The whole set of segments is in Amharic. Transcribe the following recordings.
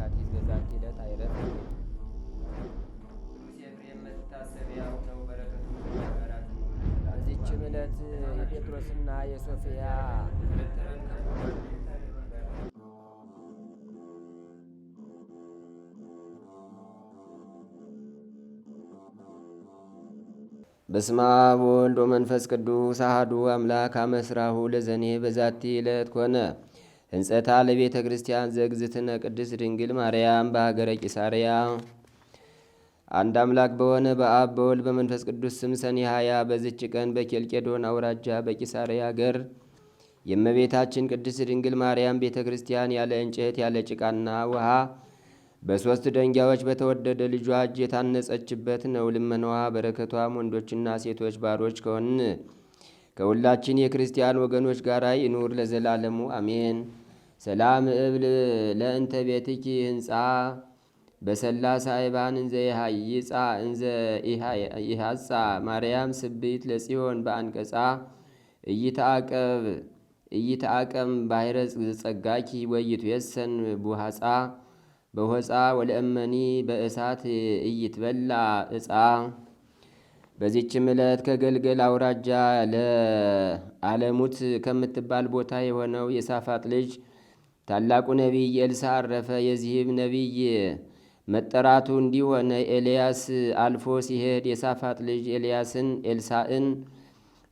የካቲት በዛቲ ዕለት አይረት መታሰቢያው በዚችም ዕለት የጴጥሮስና የሶፊያ በስመ አብ ወወልድ ወመንፈስ ቅዱስ አሐዱ አምላክ አመስራሁ ለዘኔ በዛቲ ዕለት ኮነ ህንጸታ ለቤተ ክርስቲያን ዘግዝትነ ቅድስት ድንግል ማርያም በሀገረ ቂሳርያ አንድ አምላክ በሆነ በአብ በወልድ በመንፈስ ቅዱስ ስም ሰኔ ሀያ በዝች ቀን በኬልቄዶን አውራጃ በቂሳርያ አገር የእመቤታችን ቅድስት ድንግል ማርያም ቤተ ክርስቲያን ያለ እንጨት ያለ ጭቃና ውሃ በሦስት ደንጊያዎች በተወደደ ልጇ እጅ የታነጸችበት ነው። ልመናዋ በረከቷም ወንዶችና ሴቶች ባሮች ከሆን ከሁላችን የክርስቲያን ወገኖች ጋር ይኑር ለዘላለሙ አሜን። ሰላም እብል ለእንተ ቤትኪ ህንፃ በሰላሳ አይባን እንዘ ይሃይፃ እንዘ ይሃፃ ማርያም ስብይት ለጽዮን በአንቀጻ እይተአቀብ እይተአቀም ባሕረ ዘጸጋኪ ወይቱ የሰን ቡሃፃ በሆፃ ወለእመኒ በእሳት እይትበላ እፃ። በዚችም ዕለት ከገልገል አውራጃ ለአለሙት ከምትባል ቦታ የሆነው የሳፋጥ ልጅ ታላቁ ነቢይ ኤልሳ አረፈ። የዚህም ነቢይ መጠራቱ እንዲሆነ ኤልያስ አልፎ ሲሄድ የሳፋጥ ልጅ ኤልያስን ኤልሳእን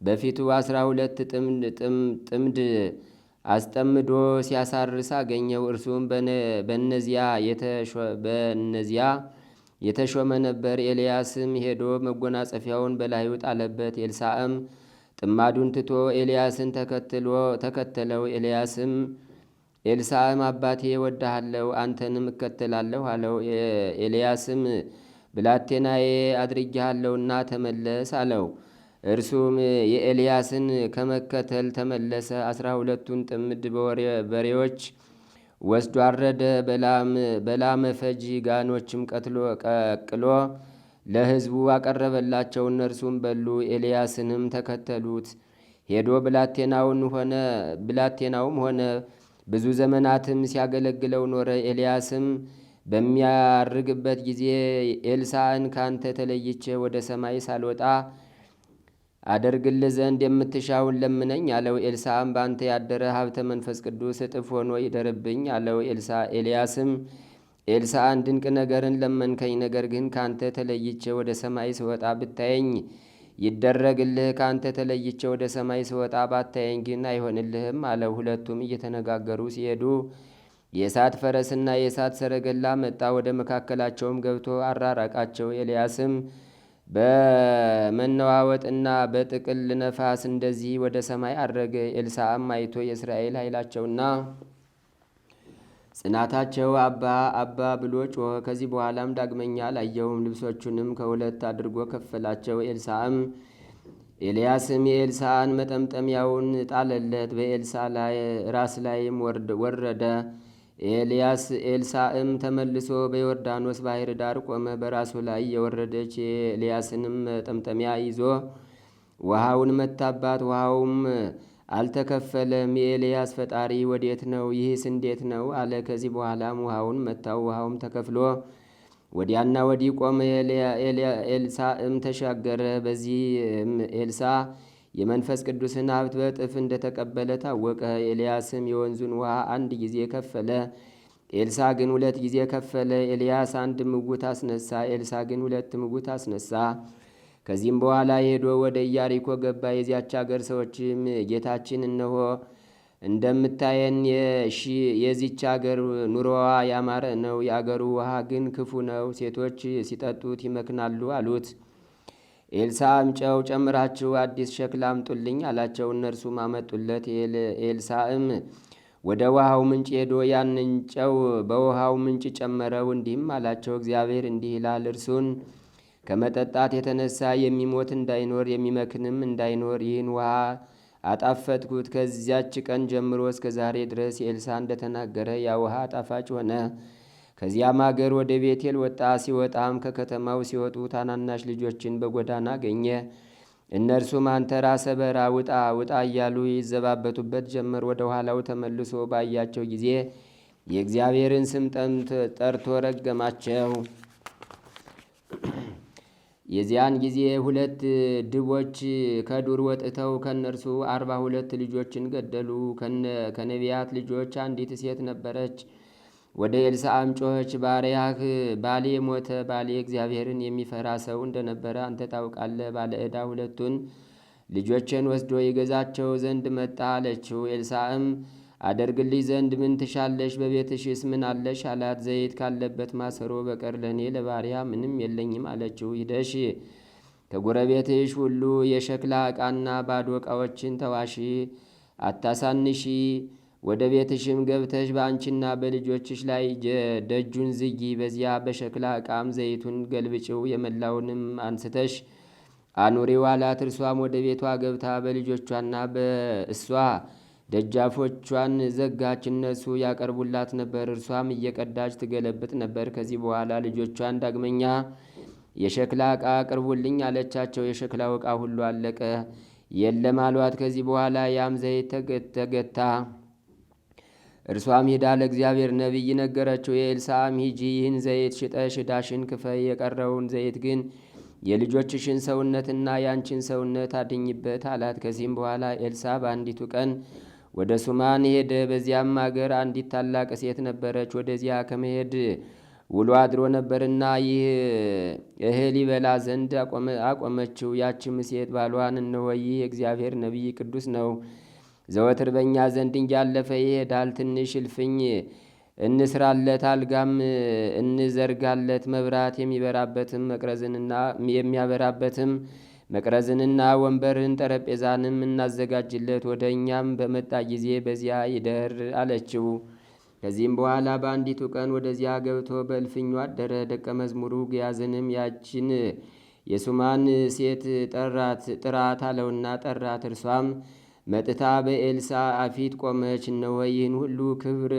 በፊቱ አስራ ሁለት ጥምድ አስጠምዶ ሲያሳርስ አገኘው። እርሱም በነዚያ የተሾመ ነበር። ኤልያስም ሄዶ መጎናጸፊያውን በላዩ ጣለበት። ኤልሳእም ጥማዱን ትቶ ኤልያስን ተከትሎ ተከተለው። ኤልያስም ኤልሳም አባቴ ወድሃለሁ፣ አንተንም እከተላለሁ አለው። ኤልያስም ብላቴናዬ አድርጌሃለሁና ተመለስ አለው። እርሱም የኤልያስን ከመከተል ተመለሰ። አስራ ሁለቱን ጥምድ በሬዎች ወስዶ አረደ። በላመ ፈጅ ጋኖችም ቀቅሎ ለሕዝቡ አቀረበላቸው። እነርሱም በሉ፣ ኤልያስንም ተከተሉት። ሄዶ ብላቴናውን ሆነ ብላቴናውም ሆነ ብዙ ዘመናትም ሲያገለግለው ኖረ። ኤልያስም በሚያርግበት ጊዜ ኤልሳዕን ካንተ ተለይቼ ወደ ሰማይ ሳልወጣ አደርግልህ ዘንድ የምትሻውን ለምነኝ አለው። ኤልሳዕም በአንተ ያደረ ሀብተ መንፈስ ቅዱስ እጥፍ ሆኖ ይደርብኝ አለው። ኤልያስም ኤልሳዕን ድንቅ ነገርን ለመንከኝ፣ ነገር ግን ካንተ ተለይቼ ወደ ሰማይ ስወጣ ብታየኝ ይደረግልህ ከአንተ ተለይቼ ወደ ሰማይ ስወጣ ባታየኝ ግን አይሆንልህም አለው። ሁለቱም እየተነጋገሩ ሲሄዱ የእሳት ፈረስና የእሳት ሰረገላ መጣ። ወደ መካከላቸውም ገብቶ አራራቃቸው። ኤልያስም በመነዋወጥና በጥቅል ነፋስ እንደዚህ ወደ ሰማይ አረገ። ኤልሳዕም አይቶ የእስራኤል ኃይላቸውና ጽናታቸው አባ አባ ብሎች ከዚህ በኋላም ዳግመኛ ላየውም። ልብሶቹንም ከሁለት አድርጎ ከፈላቸው። ኤልሳም ኤልያስም የኤልሳን መጠምጠሚያውን ጣለለት፣ በኤልሳ ራስ ላይም ወረደ። ኤልያስ ኤልሳእም ተመልሶ በዮርዳኖስ ባሕር ዳር ቆመ። በራሱ ላይ የወረደች የኤልያስንም መጠምጠሚያ ይዞ ውሃውን መታባት። ውሃውም አልተከፈለም። የኤልያስ ፈጣሪ ወዴት ነው? ይህስ እንዴት ነው አለ። ከዚህ በኋላም ውሃውን መታው። ውሃውም ተከፍሎ ወዲያና ወዲህ ቆመ። ኤልሳም ተሻገረ። በዚህ ኤልሳ የመንፈስ ቅዱስን ሀብት በእጥፍ እንደተቀበለ ታወቀ። ኤልያስም የወንዙን ውሃ አንድ ጊዜ ከፈለ፣ ኤልሳ ግን ሁለት ጊዜ ከፈለ። ኤልያስ አንድ ምውት አስነሳ፣ ኤልሳ ግን ሁለት ምውት አስነሳ። ከዚህም በኋላ ሄዶ ወደ ኢያሪኮ ገባ። የዚያች አገር ሰዎችም ጌታችን እነሆ እንደምታየን የዚች አገር ኑሮዋ ያማረ ነው፣ የአገሩ ውሃ ግን ክፉ ነው፣ ሴቶች ሲጠጡት ይመክናሉ አሉት። ኤልሳም ጨው ጨምራችሁ አዲስ ሸክላ አምጡልኝ አላቸው። እነርሱም አመጡለት። ኤልሳም ወደ ውሃው ምንጭ ሄዶ ያንን ጨው በውሃው ምንጭ ጨመረው። እንዲህም አላቸው፣ እግዚአብሔር እንዲህ ይላል እርሱን ከመጠጣት የተነሳ የሚሞት እንዳይኖር የሚመክንም እንዳይኖር ይህን ውሃ አጣፈጥኩት። ከዚያች ቀን ጀምሮ እስከ ዛሬ ድረስ ኤልሳ እንደተናገረ ያ ውሃ ጣፋጭ ሆነ። ከዚያም አገር ወደ ቤቴል ወጣ። ሲወጣም ከከተማው ሲወጡ ታናናሽ ልጆችን በጎዳና አገኘ። እነርሱም አንተ ራሰ በራ ውጣ ውጣ እያሉ ይዘባበቱበት ጀመር። ወደ ኋላው ተመልሶ ባያቸው ጊዜ የእግዚአብሔርን ስም ጠርቶ ረገማቸው። የዚያን ጊዜ ሁለት ድቦች ከዱር ወጥተው ከእነርሱ አርባ ሁለት ልጆችን ገደሉ። ከነቢያት ልጆች አንዲት ሴት ነበረች። ወደ ኤልሳዕም ጮኸች፣ ባሪያህ ባሌ ሞተ። ባሌ እግዚአብሔርን የሚፈራ ሰው እንደነበረ አንተ ታውቃለህ። ባለ ዕዳ ሁለቱን ልጆችን ወስዶ የገዛቸው ዘንድ መጣ አለችው። ኤልሳዕም አደርግልሽ ዘንድ ምን ትሻለሽ? በቤትሽስ ምን አለሽ አላት። ዘይት ካለበት ማሰሮ በቀር ለእኔ ለባሪያ ምንም የለኝም አለችው። ሂደሽ ከጎረቤትሽ ሁሉ የሸክላ ዕቃና ባዶ ዕቃዎችን ተዋሺ፣ አታሳንሺ። ወደ ቤትሽም ገብተሽ በአንቺና በልጆችሽ ላይ ደጁን ዝጊ። በዚያ በሸክላ ዕቃም ዘይቱን ገልብጭው፣ የመላውንም አንስተሽ አኑሪው አላት። እርሷም ወደ ቤቷ ገብታ በልጆቿና በእሷ ደጃፎቿን ዘጋች። እነሱ ያቀርቡላት ነበር፣ እርሷም እየቀዳች ትገለብጥ ነበር። ከዚህ በኋላ ልጆቿን ዳግመኛ የሸክላ ዕቃ አቅርቡልኝ አለቻቸው። የሸክላው ዕቃ ሁሉ አለቀ፣ የለም አሏት። ከዚህ በኋላ ያም ዘይት ተገታ። እርሷም ሂዳ ለእግዚአብሔር ነቢይ ነገረችው። የኤልሳም ሂጂ ይህን ዘይት ሽጠሽ ዳሽን ክፈይ፣ የቀረውን ዘይት ግን የልጆችሽን ሰውነትና ያንቺን ሰውነት አድኝበት አላት። ከዚህም በኋላ ኤልሳ በአንዲቱ ቀን ወደ ሱማን ሄደ። በዚያም አገር አንዲት ታላቅ ሴት ነበረች። ወደዚያ ከመሄድ ውሎ አድሮ ነበርና ይህ እህል ይበላ ዘንድ አቆመችው። ያችም ሴት ባሏን እነሆ ይህ እግዚአብሔር ነቢይ ቅዱስ ነው፣ ዘወትር በእኛ ዘንድ እንያለፈ ይሄዳል። ትንሽ እልፍኝ እንስራለት፣ አልጋም እንዘርጋለት፣ መብራት የሚበራበትም መቅረዝንና የሚያበራበትም መቅረዝንና ወንበርን ጠረጴዛንም እናዘጋጅለት፣ ወደ እኛም በመጣ ጊዜ በዚያ ይደር አለችው። ከዚህም በኋላ በአንዲቱ ቀን ወደዚያ ገብቶ በእልፍኙ አደረ። ደቀ መዝሙሩ ግያዝንም ያችን የሱማን ሴት ጠራት ጥራት አለውና ጠራት። እርሷም መጥታ በኤልሳ አፊት ቆመች። እነሆ ይህን ሁሉ ክብር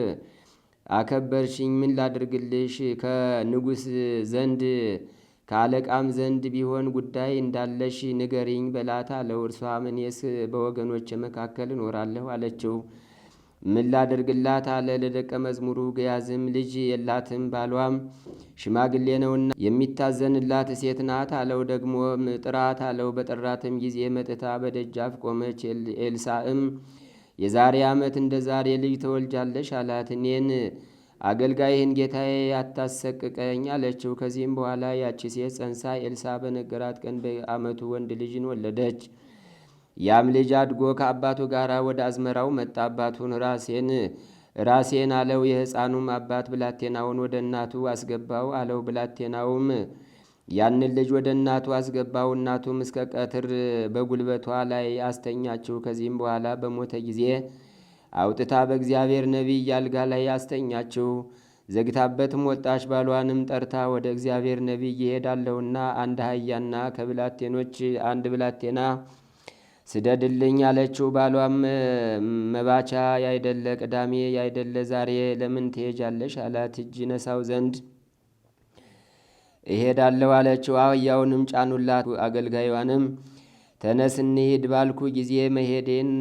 አከበርሽኝ፣ ምን ላድርግልሽ? ከንጉሥ ዘንድ ከአለቃም ዘንድ ቢሆን ጉዳይ እንዳለሽ ንገሪኝ በላት አለው። እርሷም እኔስ በወገኖች መካከል እኖራለሁ አለችው። ምን ላደርግላት አለ ለደቀ መዝሙሩ ገያዝም። ልጅ የላትም ባሏም ሽማግሌ ነውና የሚታዘንላት ሴት ናት አለው። ደግሞ ጥራት አለው። በጠራትም ጊዜ መጥታ በደጃፍ ቆመች። ኤልሳዕም የዛሬ ዓመት እንደ ዛሬ ልጅ ተወልጃለሽ አላት። እኔን አገልጋይህን ጌታዬ ያታሰቅቀኝ አለችው። ከዚህም በኋላ ያቺ ሴት ጸንሳ ኤልሳ በነገራት ቀን በአመቱ ወንድ ልጅን ወለደች። ያም ልጅ አድጎ ከአባቱ ጋር ወደ አዝመራው መጣ። አባቱን ራሴን ራሴን አለው። የሕፃኑም አባት ብላቴናውን ወደ እናቱ አስገባው አለው። ብላቴናውም ያንን ልጅ ወደ እናቱ አስገባው። እናቱም እስከ ቀትር በጉልበቷ ላይ አስተኛችው። ከዚህም በኋላ በሞተ ጊዜ አውጥታ በእግዚአብሔር ነቢይ አልጋ ላይ አስተኛችው። ዘግታበትም ወጣች። ባሏንም ጠርታ ወደ እግዚአብሔር ነቢይ ይሄዳለሁና አንድ አህያና ከብላቴኖች አንድ ብላቴና ስደድልኝ አለችው። ባሏም መባቻ ያይደለ ቅዳሜ ያይደለ ዛሬ ለምን ትሄጃለሽ? አላት እጅ ነሳው ዘንድ እሄዳለሁ አለችው። አህያውንም ጫኑላት። አገልጋዩንም ተነስ እንሂድ ባልኩ ጊዜ መሄዴን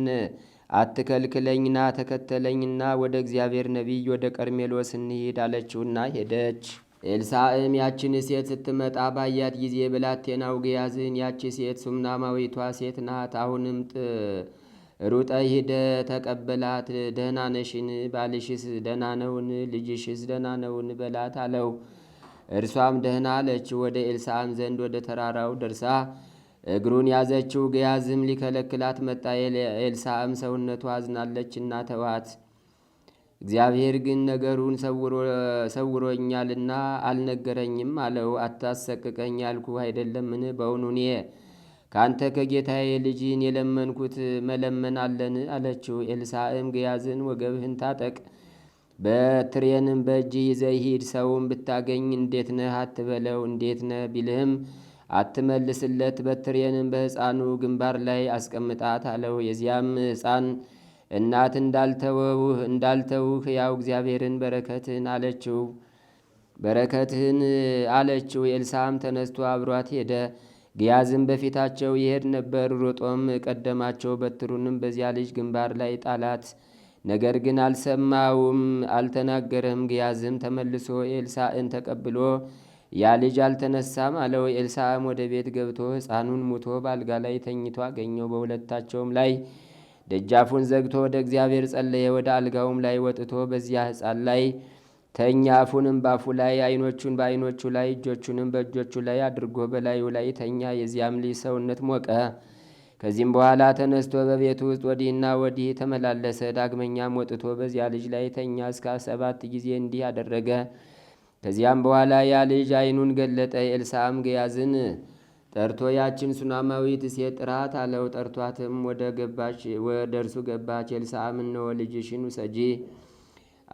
አትከልክለኝና ተከተለኝና ወደ እግዚአብሔር ነቢይ ወደ ቀርሜሎስ እንሂድ አለችውና ሄደች። ኤልሳዕም ያችን ሴት ስትመጣ ባያት ጊዜ ብላቴናው ግያዝን ያቺ ሴት ሱምናማዊቷ ሴት ናት፣ አሁንም ሩጠ ሂደ ተቀበላት፣ ደህና ነሽን? ባልሽስ ደህና ነውን? ልጅሽስ ደህና ነውን? በላት አለው። እርሷም ደህና አለች። ወደ ኤልሳዕም ዘንድ ወደ ተራራው ደርሳ እግሩን ያዘችው። ገያዝም ሊከለክላት መጣ። ኤልሳዕም ሰውነቱ አዝናለችና ተዋት፣ እግዚአብሔር ግን ነገሩን ሰውሮኛልና አልነገረኝም አለው። አታሰቅቀኝ ያልኩህ አይደለምን? በውኑ እኔ ከአንተ ከጌታዬ ልጅን የለመንኩት መለመን አለን? አለችው። ኤልሳዕም ገያዝን፣ ወገብህን ታጠቅ በትሬንም በእጅ ይዘህ ሂድ። ሰውም ብታገኝ እንዴት ነህ አትበለው፣ እንዴት ነህ ቢልህም አትመልስለት፣ በትሬንም በሕፃኑ ግንባር ላይ አስቀምጣት አለው። የዚያም ሕፃን እናት እንዳልተወውህ እንዳልተውህ ያው እግዚአብሔርን በረከትህን አለችው በረከትህን አለችው። ኤልሳም ተነስቶ አብሯት ሄደ። ግያዝም በፊታቸው ይሄድ ነበር። ሮጦም ቀደማቸው፣ በትሩንም በዚያ ልጅ ግንባር ላይ ጣላት። ነገር ግን አልሰማውም፣ አልተናገረም። ግያዝም ተመልሶ ኤልሳእን ተቀብሎ ያ ልጅ አልተነሳም አለው። ኤልሳም ወደ ቤት ገብቶ ሕፃኑን ሙቶ በአልጋ ላይ ተኝቶ አገኘው። በሁለታቸውም ላይ ደጃፉን ዘግቶ ወደ እግዚአብሔር ጸለየ። ወደ አልጋውም ላይ ወጥቶ በዚያ ሕፃን ላይ ተኛ። አፉንም ባፉ ላይ፣ አይኖቹን በአይኖቹ ላይ፣ እጆቹንም በእጆቹ ላይ አድርጎ በላዩ ላይ ተኛ። የዚያም ልጅ ሰውነት ሞቀ። ከዚህም በኋላ ተነስቶ በቤቱ ውስጥ ወዲህና ወዲህ ተመላለሰ። ዳግመኛም ወጥቶ በዚያ ልጅ ላይ ተኛ። እስከ ሰባት ጊዜ እንዲህ አደረገ። ከዚያም በኋላ ያ ልጅ ዓይኑን ገለጠ። ኤልሳም ገያዝን ጠርቶ ያችን ሱናማዊት ሴት ጥራት አለው። ጠርቷትም ወደ ገባች ወደ እርሱ ገባች። ኤልሳም እነሆ ልጅሽን ውሰጂ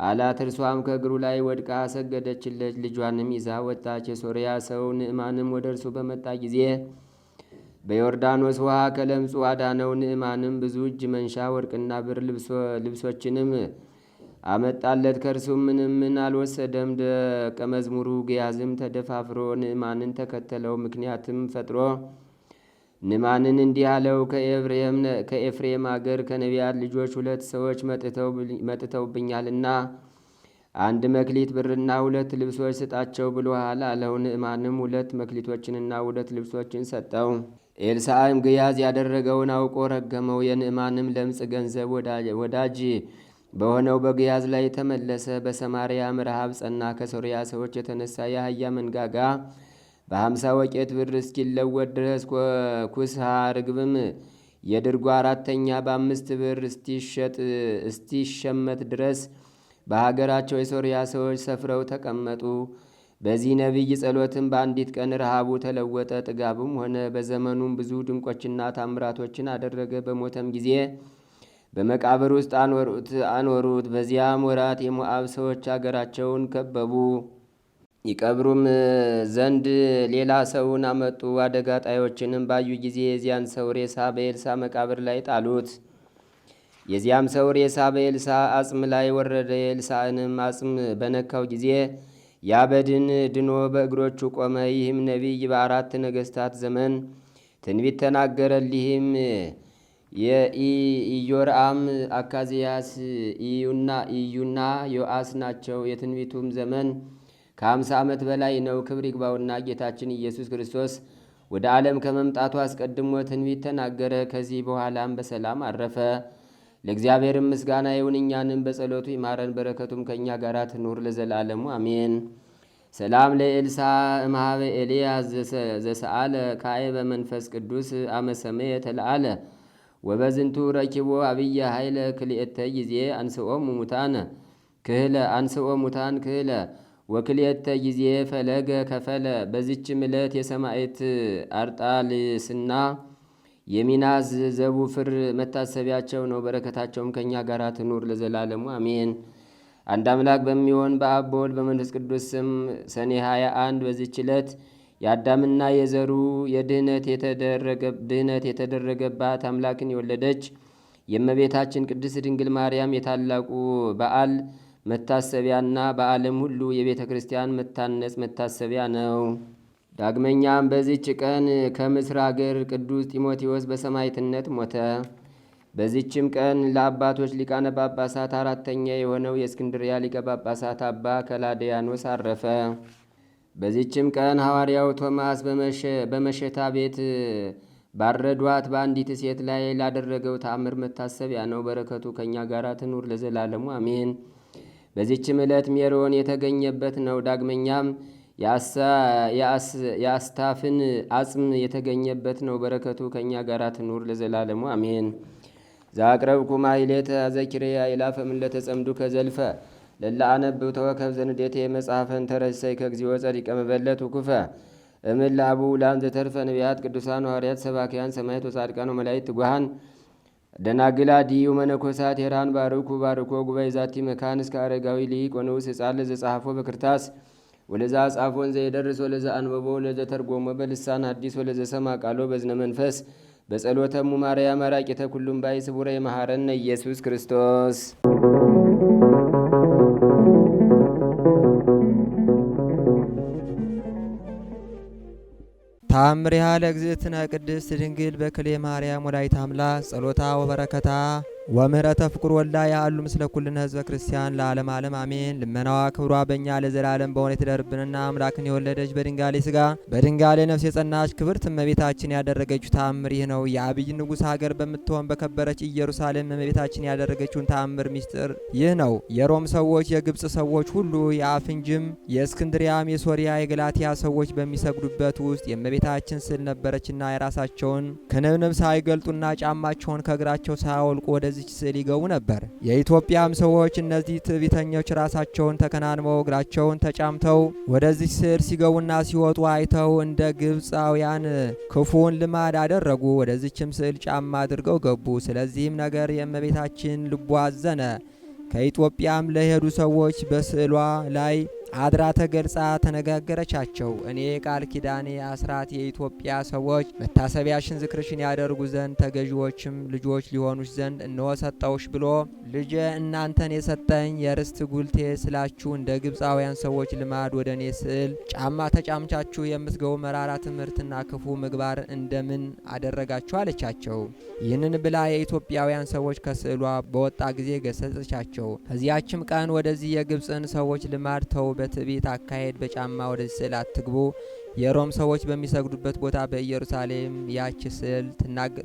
አላት። እርሷም ከእግሩ ላይ ወድቃ ሰገደችለች። ልጇንም ይዛ ወጣች። የሶርያ ሰው ንዕማንም ወደ እርሱ በመጣ ጊዜ በዮርዳኖስ ውሃ ከለምጹ አዳነው። ንዕማንም ብዙ እጅ መንሻ ወርቅና ብር ልብሶችንም አመጣለት ከእርሱም ምንም ምን አልወሰደም። ደቀ መዝሙሩ ግያዝም ተደፋፍሮ ንዕማንን ተከተለው። ምክንያትም ፈጥሮ ንዕማንን እንዲህ አለው፣ ከኤፍሬም አገር ከነቢያት ልጆች ሁለት ሰዎች መጥተውብኛልና አንድ መክሊት ብርና ሁለት ልብሶች ስጣቸው ብሎሃል አለው። ንዕማንም ሁለት መክሊቶችንና ሁለት ልብሶችን ሰጠው። ኤልሳዕም ግያዝ ያደረገውን አውቆ ረገመው። የንዕማንም ለምጽ ገንዘብ ወዳጅ በሆነው በግያዝ ላይ ተመለሰ። በሰማርያ ረሃብ ጸና። ከሶርያ ሰዎች የተነሳ የአህያ መንጋጋ በሀምሳ ወቄት ብር እስኪለወጥ ድረስ ኩስሃ ርግብም የድርጎ አራተኛ በአምስት ብር እስቲሸመት ድረስ በሀገራቸው የሶርያ ሰዎች ሰፍረው ተቀመጡ። በዚህ ነቢይ ጸሎትም በአንዲት ቀን ረሃቡ ተለወጠ፣ ጥጋብም ሆነ። በዘመኑም ብዙ ድንቆችና ታምራቶችን አደረገ። በሞተም ጊዜ በመቃብር ውስጥ አኖሩት። በዚያም ወራት የሞአብ ሰዎች አገራቸውን ከበቡ። ይቀብሩም ዘንድ ሌላ ሰውን አመጡ። አደጋ ጣዮችንም ባዩ ጊዜ የዚያን ሰው ሬሳ በኤልሳ መቃብር ላይ ጣሉት። የዚያም ሰው ሬሳ በኤልሳ አጽም ላይ ወረደ። የኤልሳንም አጽም በነካው ጊዜ ያበድን ድኖ በእግሮቹ ቆመ። ይህም ነቢይ በአራት ነገስታት ዘመን ትንቢት ተናገረልህም የኢዮራም አካዚያስ ኢዩና ኢዩና ዮአስ ናቸው። የትንቢቱም ዘመን ከአምሳ ዓመት በላይ ነው። ክብር ይግባውና ጌታችን ኢየሱስ ክርስቶስ ወደ ዓለም ከመምጣቱ አስቀድሞ ትንቢት ተናገረ። ከዚህ በኋላም በሰላም አረፈ። ለእግዚአብሔርም ምስጋና ይሁን፣ እኛንም በጸሎቱ ይማረን፣ በረከቱም ከእኛ ጋር ትኑር ለዘላለሙ አሜን። ሰላም ለኤልሳ እምሃበ ኤልያስ ዘሰአለ ካይ በመንፈስ ቅዱስ አመሰመየ ተለአለ ወበዝንቱ ረኪቦ አብየ ኃይለ ክልኤተ ጊዜ አንስኦም ሙታነ ክህለ አንስኦ ሙታን ክህለ ወክልኤተ ጊዜ ፈለገ ከፈለ። በዚች ምለት የሰማይት አርጣልስና የሚናስ ዘቡፍር መታሰቢያቸው ነው። በረከታቸውም ከእኛ ጋር ትኑር ለዘላለሙ አሜን። አንድ አምላክ በሚሆን በአብ በወልድ በመንፈስ ቅዱስ ስም ሰኔ 21 በዚች ዕለት የአዳምና የዘሩ የድህነት ድህነት የተደረገባት አምላክን የወለደች የእመቤታችን ቅድስት ድንግል ማርያም የታላቁ በዓል መታሰቢያና በዓለም ሁሉ የቤተ ክርስቲያን መታነጽ መታሰቢያ ነው። ዳግመኛም በዚች ቀን ከምስር አገር ቅዱስ ጢሞቴዎስ በሰማዕትነት ሞተ። በዚችም ቀን ለአባቶች ሊቃነ ጳጳሳት አራተኛ የሆነው የእስክንድርያ ሊቀ ጳጳሳት አባ ከላዲያኖስ አረፈ። በዚችም ቀን ሐዋርያው ቶማስ በመሸታ ቤት ባረዷት በአንዲት ሴት ላይ ላደረገው ተአምር መታሰቢያ ነው። በረከቱ ከእኛ ጋር ትኑር ለዘላለሙ አሜን። በዚችም ዕለት ሜሮን የተገኘበት ነው። ዳግመኛም የአስታፍን አጽም የተገኘበት ነው። በረከቱ ከእኛ ጋር ትኑር ለዘላለሙ አሜን። ዛቅረብኩ ማይሌተ ዘኪሬያ ይላፈምን ለተጸምዱ ከዘልፈ ለላ አነብብ ተወከብ ዘንዴቴ መጽሐፈን ተረሰይ ከግዚኦ ጸዲቀ መበለት ውኩፈ እምን ለአቡ ላን ዘተርፈ ነቢያት ቅዱሳን ሐዋርያት ሰባኪያን ሰማዕት ወጻድቃን ወመላእክት ትጉሃን ደናግላ ዲዩ መነኮሳት ሄራን ባርኩ ባርኮ ጉባኤ ዛቲ መካን እስከ አረጋዊ ሊቅ ወንዑስ ሕፃን ለዘ በክርታስ ወለዛ ጻፎ ወንዘ የደርስ ወለዘ አንበቦ ወለዘ ተርጎሞ በልሳን ሐዲስ ወለዘ ሰማ ቃሎ በዝነ መንፈስ በጸሎተ ሙማርያ መራቂተ ኩሉም ባይ ስቡረ የመሐረነ ኢየሱስ ክርስቶስ ታምሪሃ ለእግዝእትነ ቅድስት ድንግል በክሌ ማርያም ወላዲተ አምላክ ጸሎታ ወበረከታ ወምህረተ ፍቁር ወልዳ ያሉ ምስለ ኩልነ ህዝበ ክርስቲያን ለዓለም ዓለም አሜን። ልመናዋ ክብሯ በእኛ ለዘላለም በሆነ የተደርብንና አምላክን የወለደች በድንጋሌ ስጋ በድንጋሌ ነፍስ የጸናች ክብርት እመቤታችን ያደረገችው ተአምር ይህ ነው። የአብይ ንጉሥ ሀገር በምትሆን በከበረች ኢየሩሳሌም እመቤታችን ያደረገችውን ተአምር ሚስጥር ይህ ነው። የሮም ሰዎች፣ የግብፅ ሰዎች ሁሉ የአፍንጅም፣ የእስክንድሪያም፣ የሶሪያ፣ የገላትያ ሰዎች በሚሰግዱበት ውስጥ የእመቤታችን ስዕል ነበረችና የራሳቸውን ክንብንብ ሳይገልጡና ጫማቸውን ከእግራቸው ሳያወልቁ ወደ ወደዚች ስዕል ይገቡ ነበር። የኢትዮጵያም ሰዎች እነዚህ ትዕቢተኞች ራሳቸውን ተከናንበው እግራቸውን ተጫምተው ወደዚች ስዕል ሲገቡና ሲወጡ አይተው እንደ ግብፃውያን ክፉን ልማድ አደረጉ። ወደዚችም ስዕል ጫማ አድርገው ገቡ። ስለዚህም ነገር የእመቤታችን ልቧ አዘነ። ከኢትዮጵያም ለሄዱ ሰዎች በስዕሏ ላይ አድራ ተገልጻ ተነጋገረቻቸው። እኔ ቃል ኪዳኔ አስራት የኢትዮጵያ ሰዎች መታሰቢያሽን ዝክርሽን ያደርጉ ዘንድ ተገዢዎችም ልጆች ሊሆኑሽ ዘንድ እነሆ ሰጠውሽ ብሎ ልጄ እናንተን የሰጠኝ የርስት ጉልቴ ስላችሁ እንደ ግብፃውያን ሰዎች ልማድ ወደ እኔ ስዕል ጫማ ተጫምቻችሁ የምትገቡ መራራ ትምህርትና ክፉ ምግባር እንደምን አደረጋችሁ አለቻቸው። ይህንን ብላ የኢትዮጵያውያን ሰዎች ከስዕሏ በወጣ ጊዜ ገሰጸቻቸው። ከዚያችም ቀን ወደዚህ የግብፅን ሰዎች ልማድ ተውበ በትዕቢት አካሄድ በጫማ ወደ ስዕል አትግቡ። የሮም ሰዎች በሚሰግዱበት ቦታ በኢየሩሳሌም ያች ስዕል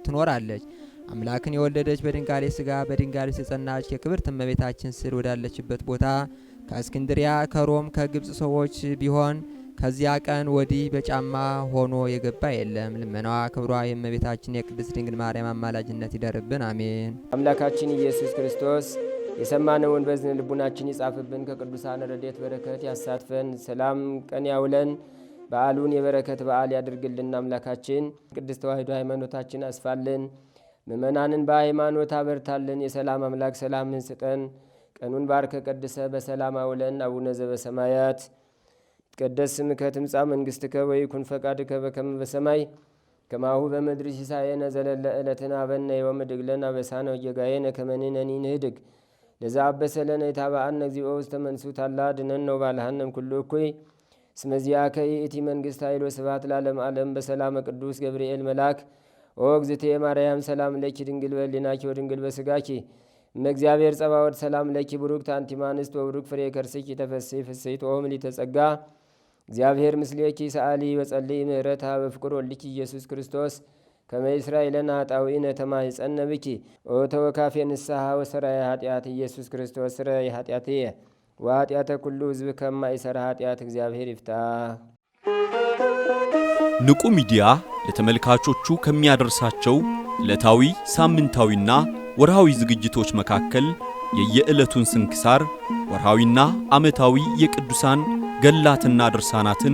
ትኖራለች። አምላክን የወለደች በድንጋሌ ስጋ በድንጋሌ የጸናች የክብርት እመቤታችን ስዕል ወዳለችበት ቦታ ከእስክንድሪያ ከሮም ከግብፅ ሰዎች ቢሆን ከዚያ ቀን ወዲህ በጫማ ሆኖ የገባ የለም። ልመናዋ ክብሯ የእመቤታችን የቅድስት ድንግል ማርያም አማላጅነት ይደርብን፣ አሜን። አምላካችን ኢየሱስ ክርስቶስ የሰማነውን በዝን ልቡናችን ይጻፍብን፣ ከቅዱሳን ረድኤት በረከት ያሳትፈን፣ ሰላም ቀን ያውለን፣ በዓሉን የበረከት በዓል ያድርግልን። አምላካችን ቅድስት ተዋሕዶ ሃይማኖታችን አስፋልን፣ ምእመናንን በሃይማኖት አበርታልን። የሰላም አምላክ ሰላምን ስጠን። ቀኑን ባርከ ቀድሰ በሰላም አውለን። አቡነ ዘበሰማያት ይትቀደስ ስምከ ትምጻእ መንግሥትከ ወይኩን ፈቃድከ በከመ በሰማይ ከማሁ በምድር ሲሳየነ ዘለለ ዕለትን ሀበነ ዮም ወኅድግ ለነ አበሳነ ወጌጋየነ ከመ ንሕነኒ ንኅድግ ለዛ አበሰለነ የታባአን እግዚኦ ውስተ መንሱት አላ ድነን ነው ባልሃንም ኩሉ እኩይ ስመዚያ ከይ እቲ መንግስት ኃይሎ ስብሐት ላለም ዓለም በሰላመ ቅዱስ ገብርኤል መልአክ ኦ እግዝእቴ ማርያም ሰላም ለኪ ድንግል በሊናኪ ወድንግል በስጋኪ እመእግዚአብሔር ጸባወድ ሰላም ለኪ ብሩክት አንቲ እምአንስት ወብሩክ ፍሬ ከርስኪ ተፈሥሒ ፍሥሕት ኦም ምልዕተ ጸጋ እግዚአብሔር ምስሌኪ ሰአሊ በጸልይ ምህረታ በፍቅር ወልኪ ኢየሱስ ክርስቶስ ከመእስራኤልን አጣዊነ ተማይጸነ ብኪ ኦተወካፌ ንስሓ ወሰራ ኃጢአት ኢየሱስ ክርስቶስ ስረይ እየ ወኃጢአተ ኩሉ ህዝብ ይሰራ ኃጢአት እግዚአብሔር ይፍታ። ንቁ ሚዲያ ለተመልካቾቹ ከሚያደርሳቸው ዕለታዊ ሳምንታዊና ወርሃዊ ዝግጅቶች መካከል የየዕለቱን ስንክሳር ወርሃዊና ዓመታዊ የቅዱሳን ገላትና ድርሳናትን